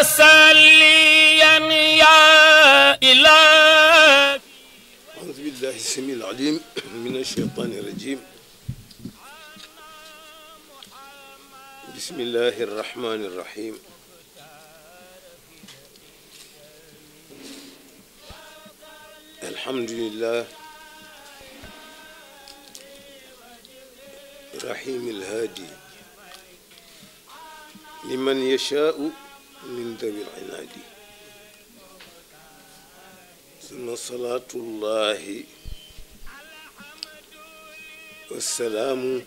وسليا يا إلهي أعوذ بالله السميع العليم من الشيطان الرجيم بسم الله الرحمن الرحيم الحمد لله رحيم الهادي لمن يشاء min dawil inaadi suma salaatullahi wassalaamu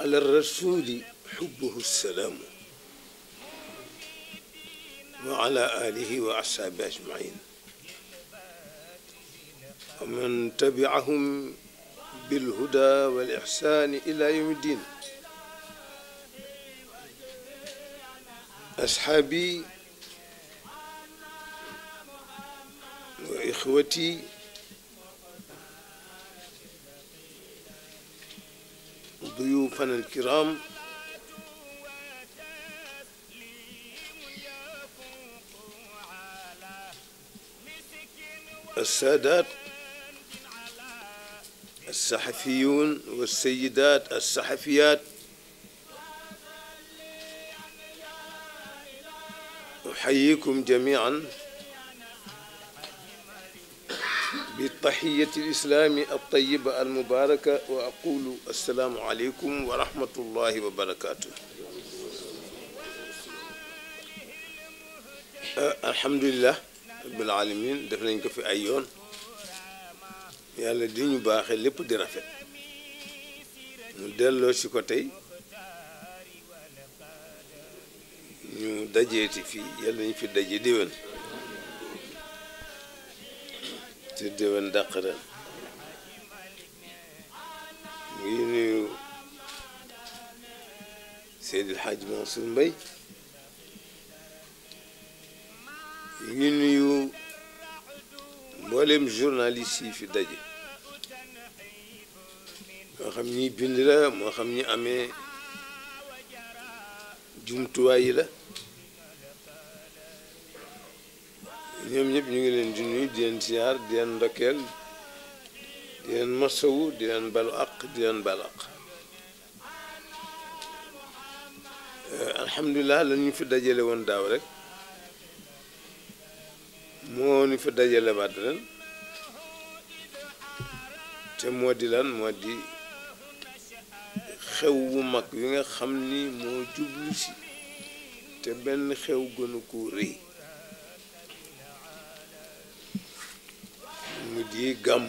ala rasuli xubbuhu salaamu wa ala alihi wa ashaabi ajmain wa man tabiahum bilhuda wal ixsaani ila yawmi ddin أصحابي وإخوتي ضيوفنا الكرام السادات الصحفيون والسيدات الصحفيات أحييكم جميعا بتحية الإسلام الطيبة المباركة وأقول السلام عليكم ورحمة الله وبركاته alhamdulilah rabbil alamin def nañ ko fi ay yoon yàlla di ñu baaxee lépp di rafet ñu delloo ci ko tey ñu dajeeti fii yàlla nañu fi daje déwén te déwén dàq ren ngi nuyu Seydi El Hadj Mansour Mbaye ngi nuyu mboolem journaliste yi fi daje moo xam ñi bind la moo xam ñi amee jumtuwaay yi la ñoom ñëpp ñu ngi leen di nuyu di leen siyaar di leen ndokkeel di leen masawu di leen balu àq di leen balu àq euh, alhamdulilah la ñu fi dajale woon daaw rek moo ñu fi dajale baat ren te moo di lan moo di xew wu mag wi nga xam ni moo jublu si te benn xew gënu ko rëy gi gàmm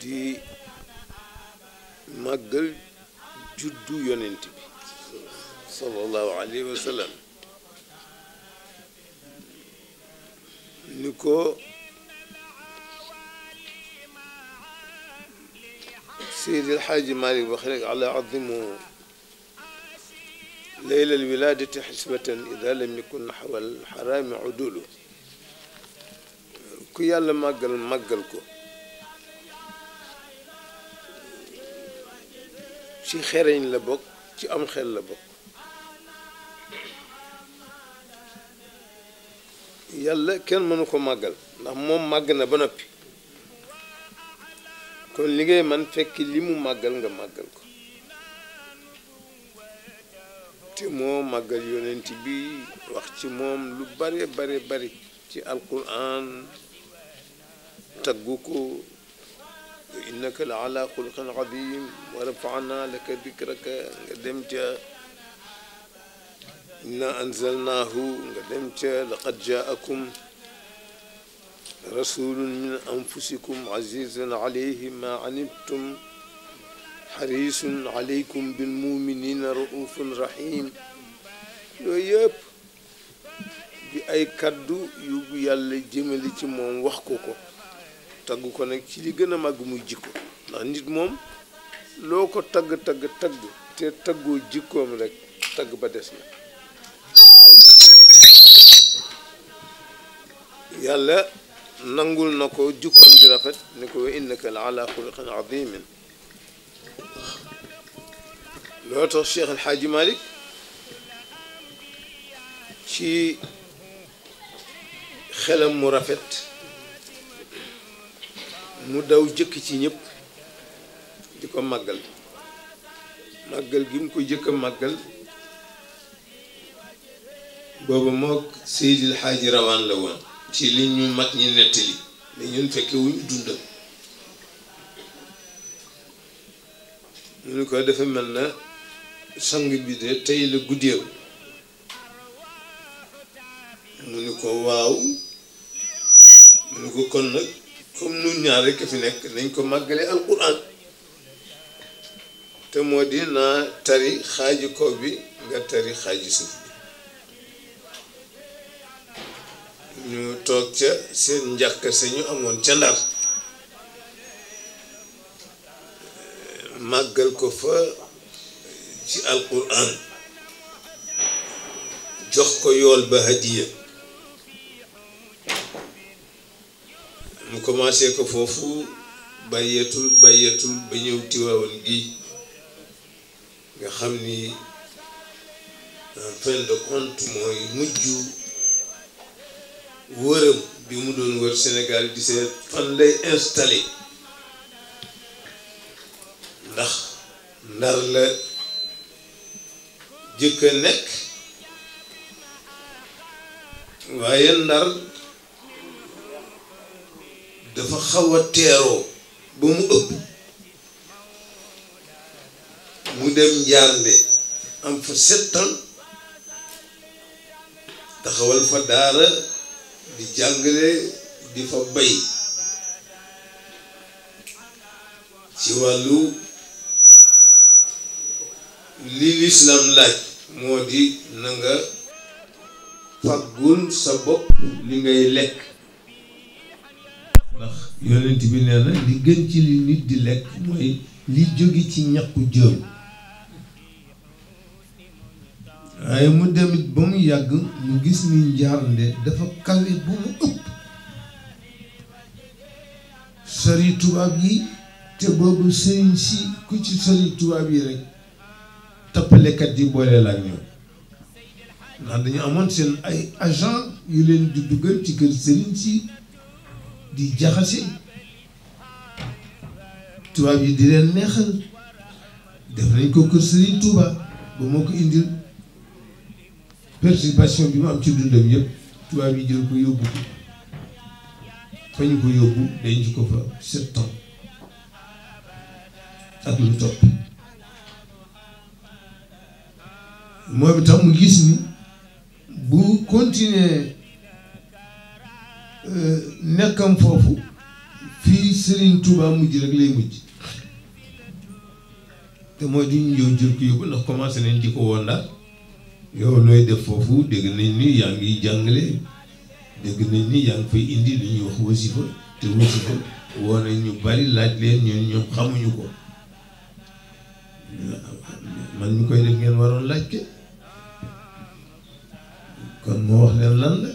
di màggal juddu yonent bi sallallahu alayhi wa sallam ni ko Seydi El Hadji Malick wax rek ala azimu ليلة الولادة حسبة إذا لم يكن نحو الحرام عدوله ku yàlla màggal màggal ko ci xereñ la bokk ci am xel la bokk yàlla kenn mënu ko màggal ndax moom màgg na ba noppi kon li ngay man fekk li mu màggal nga màggal ko te moo màggal yonent bi wax ci moom lu bare bare bari ci alquran taggu ko innaka la ala xulqin adim wa rafaana laka dikraka nga dem ca inna anzalnaahu nga dem ca laqad jaakum rasulun min anfusikum azizun alayhi ma anittum xarisun alaykum bilmuminina raufun rahim yooyu yëpp bi ay kaddu yu yàlla jëmali ci moom wax ko ko tagg ko nag ci li gën a màgg muy jikko ndax nit moom loo ko tagg tagg tagg te taggoo jikkoom rek tagg ba des na yàlla nangul na ko jikkoom bi rafet ni ko wa innaka la ala xuluqin azimin loo tax Cheikh El Hadji ci xelam mu rafet mu daw jëkk ci ñépp di ko màggal màggal gi mu ko jëkka màggal boobu moo Seydil Xaaji Rawaan la woon ci li ñu mag ñi nettali mais ñun fekke wuñu dundam mu ne ko dafa mel na sang bi de tey la guddeew mu ne ko waaw mu ne ko kon comme nun ñaar rekk fi nekk nañ ko màggale alquran te moo di naa tari xaaji kaw bi nga tari xaaji suuf bi ñu toog ca seen njàkk sa ñu amoon ca ndar màggal ko fa ci alquran jox ko yool ba hadiya mu commencé ko foofu bàyyeetul bàyyeetul ba ñëw tiwaawan gi nga xam ni en fin de compte mooy mujj wëram bi mu doon wër Sénégal di seet fan lay installé ndax ndar la jëkk nekk waaye ndar dafa xaw a teeroo ba mu ëpp mu dem njaarnde am fa sept taxawal fa daara di jàngale di fa bay ci wàllu li lislaam laaj moo di na nga sa bopp li ngay lekk yonent bi nee li gën ci li nit di lekk mooy li jóge ci ñakku jëm waaye mu demit ba mu yàgg mu gis ni njaarnde dafa kawe bu mu ëpp sori tubaab yi te boobu sëriñ si ku ci sori tubaab yi rek tappalekat yi booleel ak ñoom dañu amoon seen ay agent yu leen di duggal ci kër sëriñ si di jaxasi tubaab yi di leen neexal def nañ ko kër Serigne Touba ba moo ko indil perturbation bi mu am ci dundam yëpp tubaab yi jël ko yóbbu fa ñu ko yóbbu denc ko fa sept ak lu topp moom itam mu gis ni bu continuer Euh, nekkam foofu fii Serigne Touba mujj rek lay mujj te mooy du ñëw jur ko ndax commencé nañ di ko ndax yow looy def foofu dégg nañ ni yaa ngi jàngale dégg nañ nii yaa ngi fay indi lu wax wasifa te wasifa woo ñu bari laaj leen ñun ñoom xamuñu ko man ñu koy def ngeen waroon laaj ke kon moo wax leen lan la.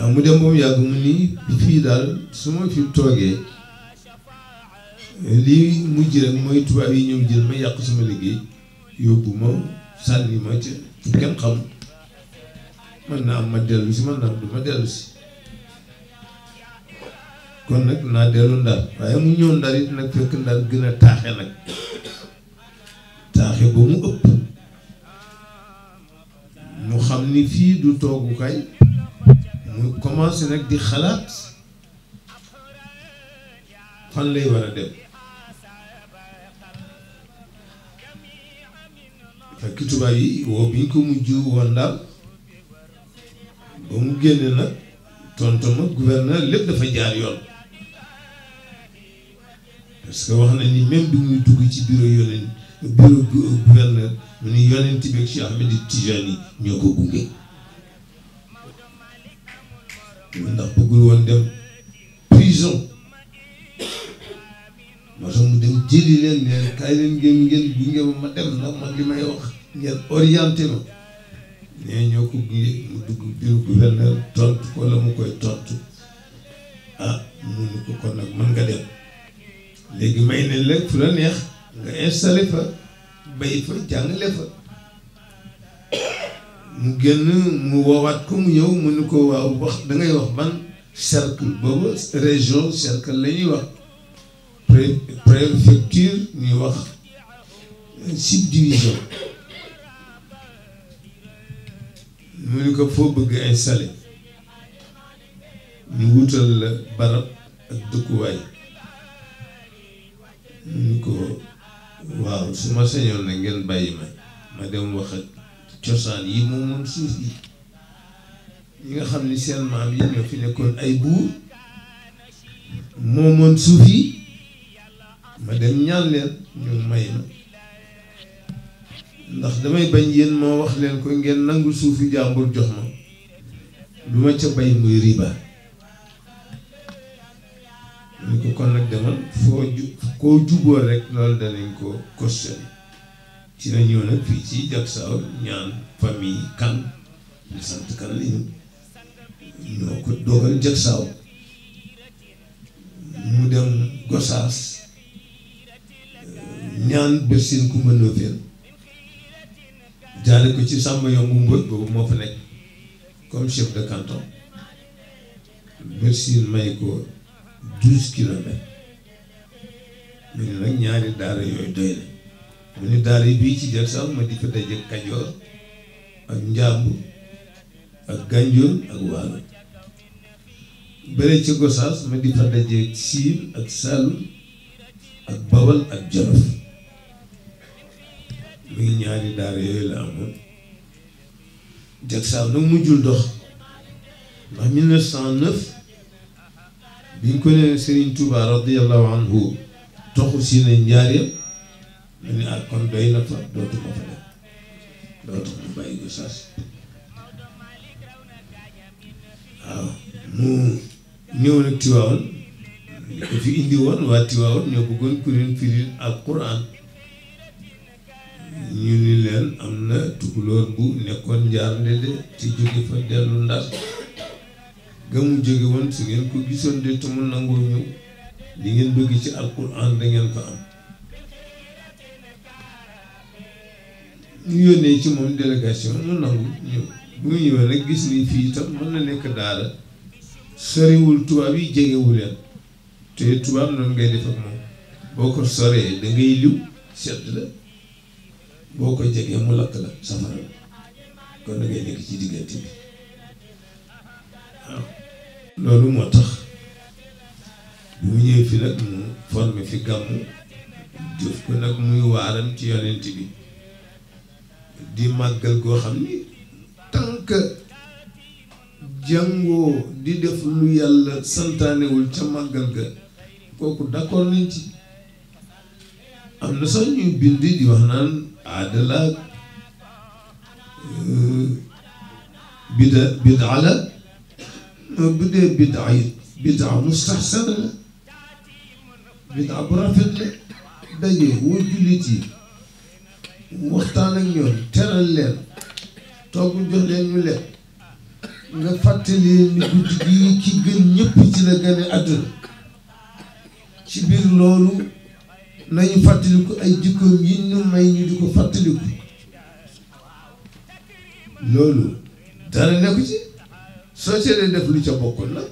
mu dem ba mu yàgg mu ni fii daal su ma fi toogee lii mu rek mooy tubaab yi ñëw jël ma yàq sama liggéey yóbbu ma sànni ma kenn xam mën naa am ma dellu si mën naa am du ma dellu si kon nag naa dellu ndar waaye mu ñëw ndar it nag fekk ndar gën a taaxe nag taaxe ba mu ëpp mu xam ni fii du toogukaay mu commencé nag di xalaat fan lay war a dem fekk tubaab yi woo bi ñu ko mujj woon daal ba mu génne nag tonton ma gouverneur lépp dafa jaar yoon parce que wax na ni bi muy dugg ci bureau yonent bureau gouverneur mu ni yonent bi ak Cheikh Ahmed Tijani ñoo ko gunge ndax bëggul woon dem prison moo tax mu dem jëli leen neen kaay leen ngeen ngeen gunge ma ma dem ndax man li may wax ngeen orienté ma nee ñoo ko gunge mu dugg bureau gouverneur tontu ko la mu koy tontu ah mu nga dem léegi may ne lépp fu la neex nga installé fa bay fa jàngale fa mu génn mu woowaat ko mu ñëw mu ne ko waaw wax dangay ngay wax ban cercle boobu région cercle la ñuy wax pré préfecture ñuy wax subdivision mu ne ko foo bëgg installé ñu wutal la barab ak dëkkuwaay mu ne ko waaw su ma sañoon na ngeen bàyyi ma ma dem wax cosaan yi moo moom suuf yi yi nga xam ni seen maam yi ñoo fi nekkoon ay buur moomoon suuf yi ma dem ñaan leen ñu may na ndax damay bañ yéen moo wax leen ko ngeen nangu suuf jàmbur jox ma lu ca bay muy riba ñu ko kon nag demal foo ju koo juboo rek loolu danañ ko questionné ci la ñëw nag fii ci Jaksaaw ñaan famille kan ñu sant kan la ñu ñoo ko dogal mu dem Gosaas euh, ñaan Bersin Kumba Ndofféen jaare ko ci Samba Yomb Mbodj boobu moo fa nekk comme chef de canton Bersin may ko douze kilomètres mu ne ñaari daara yooyu doy mu ni daara bii ci del ma di fa kajoor ak njàmbur ak gànjoor ak waalo bëre ci gosaas ma di fa daje ak saalum ak bawal ak jolof muy ñaari daara yooyu la amoon jag nag mujjul dox ndax 1909 biñ ko nee Serigne Touba radiyallahu anhu toxu si ñu ne ak ah kon doy na fa dootu ko fa dootu ko bàyyi ko sas waaw mu ñëw nag Tiwaawan ñu ko fi indi woon waa Tiwaawan ñoo bëggoon ku leen firil quran ñu ni leen am na tukulóor bu nekkoon njaar ndede te jóge fa dellu ndar ga mu jóge woon su ngeen ko gisoon de te mu nangoo ñëw li ngeen bëgg ci al quran da ngeen am ñu yónnee ci moom délégation mu nangu ñëw mu ñëwee nag gis nii fii itam mën na nekk daara soriwul tubaab yi jegewu leen te tubaab noonu ngay def moom boo ko soree da ngay liw sedd la boo ko jegee mu lakk la safara la kon ngay nekk ci diggante bi waaw loolu moo tax bu mu ñëwee fi nag mu formé fi gàmmu jëf ko nag muy waaram ci bi di màggal goo xam ni tant que jàngoo di def lu yàlla santaanewul ca màggal ga kooku d'accord nañ ci am na sax ñuy bind di wax naan aadalaak euh, bida bidaa la bu dee bidaa yi bidaa la bidaa bu rafet la daje woo jullit yi waxtaan ak ñoom teral leen togg jox leen ñu lekk nga fàttali ni guddi gi ci gën ñëpp ci la gane àdduna ci biir loolu nañu fàttaliku ay jikkoom yi ñu may ñu di ko fàttaliku loolu dara nekku ci soo cere def lu ca bokkul la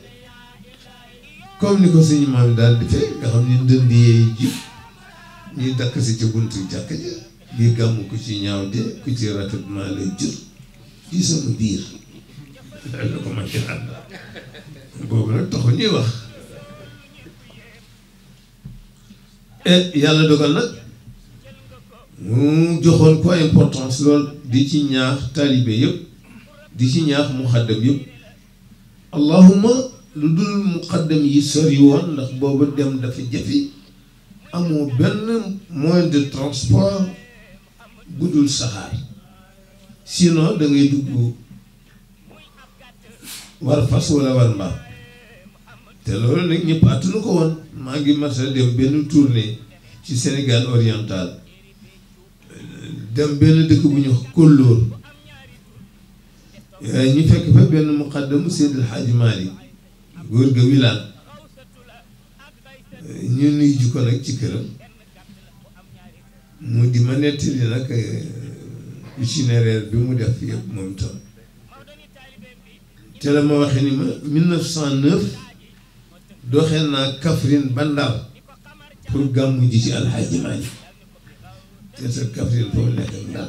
comme ni ko suñu maam daal di fee nga xam ni ndënd yeey ji ñuy dakk si ci buntu jàkk ja biir gàmmu ku ci ñaaw de ku ci rafetuma lay jur ci sama biir la ko man ci ànd boobu nag taxu ñuy wax eh, yàlla dogal nag mu joxoon ko importance lool di ci ñaax taalibe yëpp di ci ñaax muxaddam yëpp allahuma lu dul muxaddam yi sori woon ndax boobu dem dafa jafe amoo benn moyen de transport bu dul saxaar sinon da ngay dugg war fas wala war mbaam te loolu nag ñëpp attunu ko woon maa ngi dem benn tournée ci Sénégal oriental dem benn dëkk bu ñu Kolloor eh, ñu fekk fa benn muqaddamu Seydil Hadji Malick góor ga eh, ñu nuy ju ko ci këram mu di ma nettali nag euh, itinéraire bi mu def yëpp moom itam te la ma waxee ni ma 1909 doxee naa Kaffrine ba Ndar pour gàmmu ji ci Alxaaji Maalik te sa Kaffrine foofu nekk ak Ndar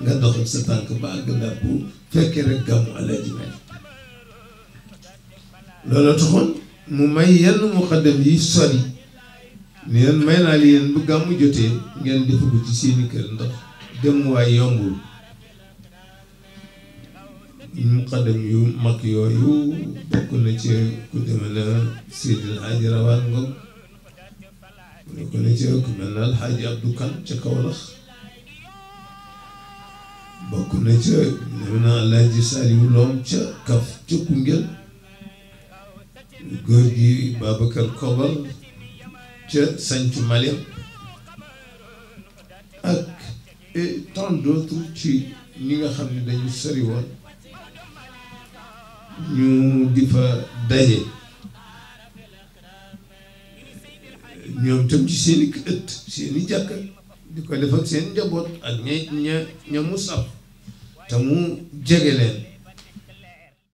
nga doxal sa tànk ba àgg Ndar pour fekkee rek gàmmu Alxaaji Maalik loolu taxoon mu may yenn muqaddam yi sori. ni leen may naa li yéen bu gàmmu jotee ngeen def ko ci seeni kër ndax dem waay yombul muqaddam yu mag yooyu bokk na ci ku deme na Seydil Aji Rawaan Ngom bokk na ci ku mel na Alxaaji Abdu Kan ca bokk na ca deme na Alxaaji Saliwu Loom ca Kaf ca Koungheul góor gi Babacar Kobal ca Sañtu Malem ak et tant ci ñi nga xam ne dañu sori woon ñu di fa daje ñoom tam ci seen ëtt seen i di ko def seen njaboot ak ña ña ña mu saf te mu jege leen